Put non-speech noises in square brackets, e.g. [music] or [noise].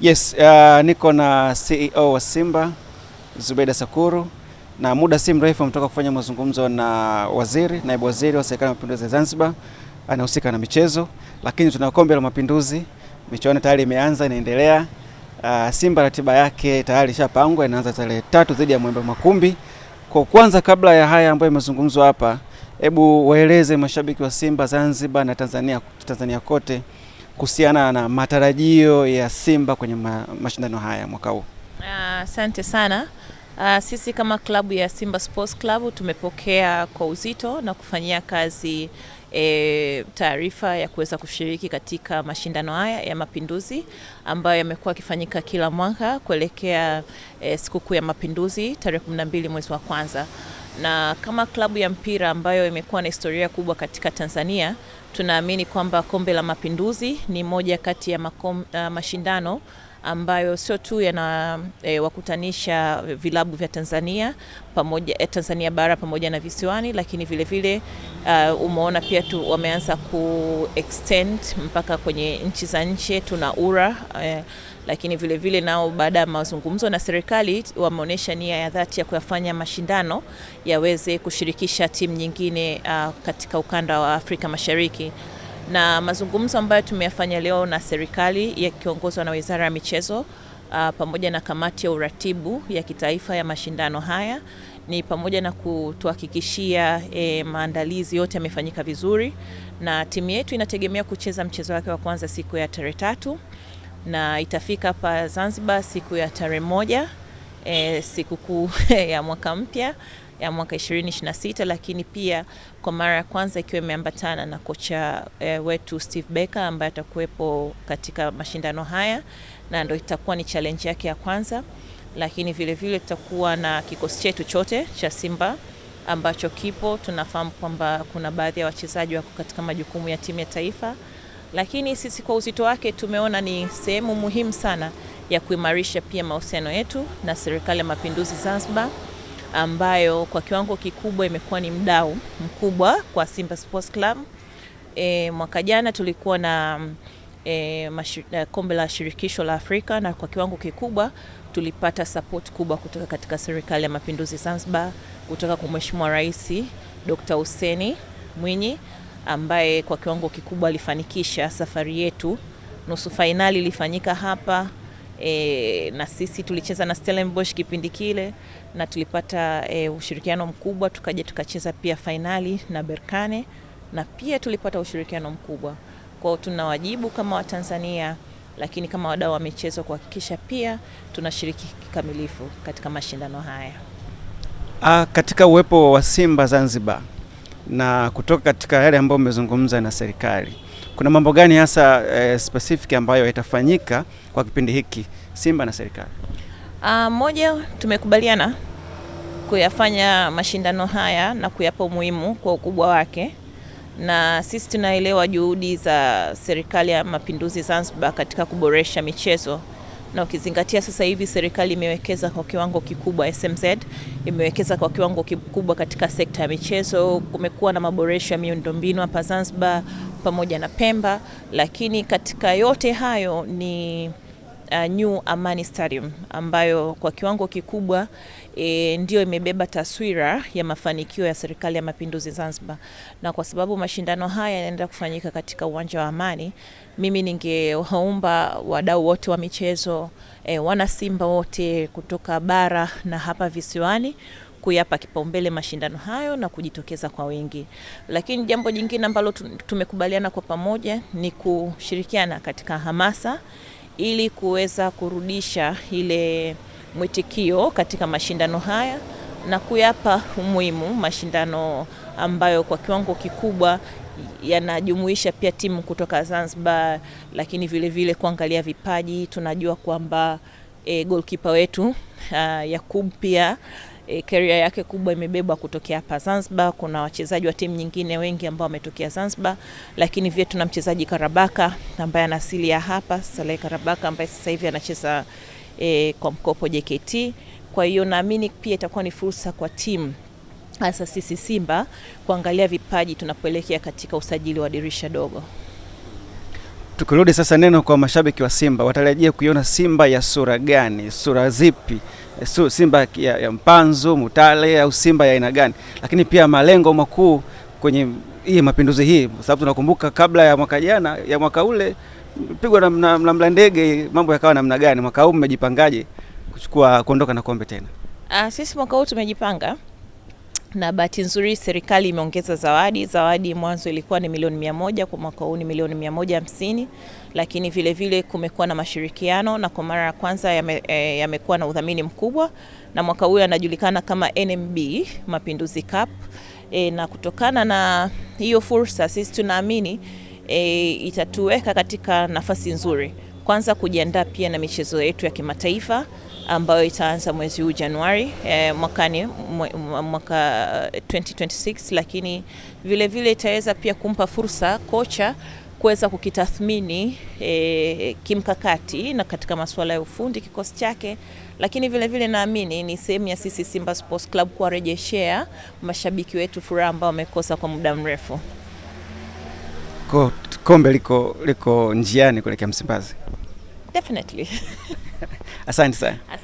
Yes, uh, niko na CEO wa Simba Zubeda Sakuru na muda si mrefu ametoka kufanya mazungumzo na waziri, naibu waziri wa serikali ya mapinduzi ya Zanzibar, anahusika na michezo, lakini tuna kombe la mapinduzi, michuano tayari imeanza inaendelea. Uh, Simba ratiba yake tayari ishapangwa, inaanza tarehe tatu dhidi ya Mwembe Makumbi. Kwa kwanza, kabla ya haya ambayo imezungumzwa hapa, hebu waeleze mashabiki wa Simba Zanzibar na Tanzania, Tanzania kote kuhusiana na matarajio ya Simba kwenye ma mashindano haya mwaka huu? Ah, asante uh, sana uh, sisi kama klabu ya Simba Sports Club tumepokea kwa uzito na kufanyia kazi E, taarifa ya kuweza kushiriki katika mashindano haya ya Mapinduzi ambayo yamekuwa yakifanyika kila mwaka kuelekea e, sikukuu ya Mapinduzi tarehe 12 mwezi wa kwanza na kama klabu ya mpira ambayo imekuwa na historia kubwa katika Tanzania, tunaamini kwamba Kombe la Mapinduzi ni moja kati ya makom, uh, mashindano ambayo sio tu yana e, vilabu vya Tanzania pamoja, eh, Tanzania bara pamoja na visiwani, lakini vilevile vile, uh, umeona pia tu wameanza ku extend mpaka kwenye nchi za nje. Tuna ura e, lakini vilevile nao baada ya mazungumzo na serikali wameonyesha nia ya dhati ya kuyafanya mashindano yaweze kushirikisha timu nyingine uh, katika ukanda wa Afrika Mashariki na mazungumzo ambayo tumeyafanya leo na serikali yakiongozwa na Wizara ya Michezo Uh, pamoja na kamati ya uratibu ya kitaifa ya mashindano haya ni pamoja na kutuhakikishia e, maandalizi yote yamefanyika vizuri, na timu yetu inategemea kucheza mchezo wake wa kwanza siku ya tarehe tatu na itafika hapa Zanzibar siku ya tarehe moja eh, sikukuu [laughs] ya mwaka mpya ya mwaka 2026, lakini pia kwa mara ya kwanza ikiwa imeambatana na kocha eh, wetu Steve Becker ambaye atakuwepo katika mashindano haya na ndio itakuwa ni challenge yake ya kwanza, lakini vilevile tutakuwa na kikosi chetu chote cha Simba ambacho kipo. Tunafahamu kwamba kuna baadhi ya wachezaji wako katika majukumu ya timu ya taifa, lakini sisi kwa uzito wake tumeona ni sehemu muhimu sana ya kuimarisha pia mahusiano yetu na Serikali ya Mapinduzi Zanzibar ambayo kwa kiwango kikubwa imekuwa ni mdau mkubwa kwa Simba Sports Club. E, mwaka jana tulikuwa na e, mashu, e, kombe la shirikisho la Afrika na kwa kiwango kikubwa tulipata support kubwa kutoka katika serikali ya mapinduzi Zanzibar, kutoka kwa Mheshimiwa Rais Dr. Hussein Mwinyi ambaye kwa kiwango kikubwa alifanikisha safari yetu. Nusu fainali ilifanyika hapa. E, na sisi tulicheza na Stellenbosch kipindi kile na tulipata e, ushirikiano mkubwa, tukaja tukacheza pia fainali na Berkane na pia tulipata ushirikiano mkubwa kwao. wajibu kama Watanzania, lakini kama wadau wa michezo kuhakikisha pia tunashiriki kikamilifu katika mashindano haya. A, ah, katika uwepo wa Simba Zanzibar na kutoka katika yale ambayo umezungumza na serikali, kuna mambo gani hasa e, specific ambayo itafanyika kwa kipindi hiki Simba na serikali? Uh, moja, tumekubaliana kuyafanya mashindano haya na kuyapa umuhimu kwa ukubwa wake, na sisi tunaelewa juhudi za serikali ya Mapinduzi Zanzibar katika kuboresha michezo na ukizingatia sasa hivi serikali imewekeza kwa kiwango kikubwa, SMZ imewekeza kwa kiwango kikubwa katika sekta ya michezo. Kumekuwa na maboresho ya miundombinu hapa Zanzibar pamoja na Pemba, lakini katika yote hayo ni uh, New Amani Stadium ambayo kwa kiwango kikubwa e, ndio imebeba taswira ya mafanikio ya Serikali ya Mapinduzi Zanzibar, na kwa sababu mashindano haya yanaenda kufanyika katika uwanja wa Amani, mimi ningewaomba wadau wote wa michezo e, wana Simba wote kutoka bara na hapa visiwani kuyapa kipaumbele mashindano hayo na kujitokeza kwa wingi. Lakini jambo jingine ambalo tumekubaliana kwa pamoja ni kushirikiana katika hamasa ili kuweza kurudisha ile mwitikio katika mashindano haya na kuyapa umuhimu mashindano ambayo kwa kiwango kikubwa yanajumuisha pia timu kutoka Zanzibar, lakini vile vile kuangalia vipaji. Tunajua kwamba e, eh, golkipa wetu uh, Yakub pia e, career yake kubwa imebebwa kutokea hapa Zanzibar. Kuna wachezaji wa timu nyingine wengi ambao wametokea Zanzibar, lakini vile tuna mchezaji Karabaka ambaye ana asili ya hapa Saleh Karabaka ambaye sasa hivi anacheza e, kwa mkopo JKT. Kwa hiyo naamini pia itakuwa ni fursa kwa timu hasa sisi Simba kuangalia vipaji tunapoelekea katika usajili wa dirisha dogo. Tukirudi sasa neno kwa mashabiki wa Simba, watarajia kuiona Simba ya sura gani? Sura zipi? Simba ya, ya mpanzo mutale au Simba ya aina gani? Lakini pia malengo makuu kwenye hii mapinduzi hii, kwa sababu tunakumbuka kabla ya mwaka jana, ya mwaka ule pigwa na, mlamla na mambo yakawa namna gani? Mwaka huu mmejipangaje kuchukua kuondoka na kombe tena? Ah, sisi mwaka huu tumejipanga na bahati nzuri serikali imeongeza zawadi. Zawadi mwanzo ilikuwa ni milioni mia moja kwa mwaka huu ni milioni mia moja hamsini lakini vilevile vile kumekuwa na mashirikiano na kwa mara ya kwanza e, yamekuwa e, ya na udhamini mkubwa, na mwaka huu yanajulikana kama NMB Mapinduzi Cup e, na kutokana na hiyo fursa sisi tunaamini e, itatuweka katika nafasi nzuri kwanza kujiandaa pia na michezo yetu ya kimataifa ambayo itaanza mwezi huu Januari eh, mwakani mwaka 2026, eh, lakini vilevile itaweza pia kumpa fursa kocha kuweza kukitathmini eh, kimkakati na katika masuala ya ufundi kikosi chake, lakini vilevile naamini ni sehemu ya sisi Simba Sports Club kuwarejeshea mashabiki wetu furaha ambao wamekosa kwa muda mrefu. Kombe liko, liko njiani kuelekea Msimbazi. Definitely. A sign to say.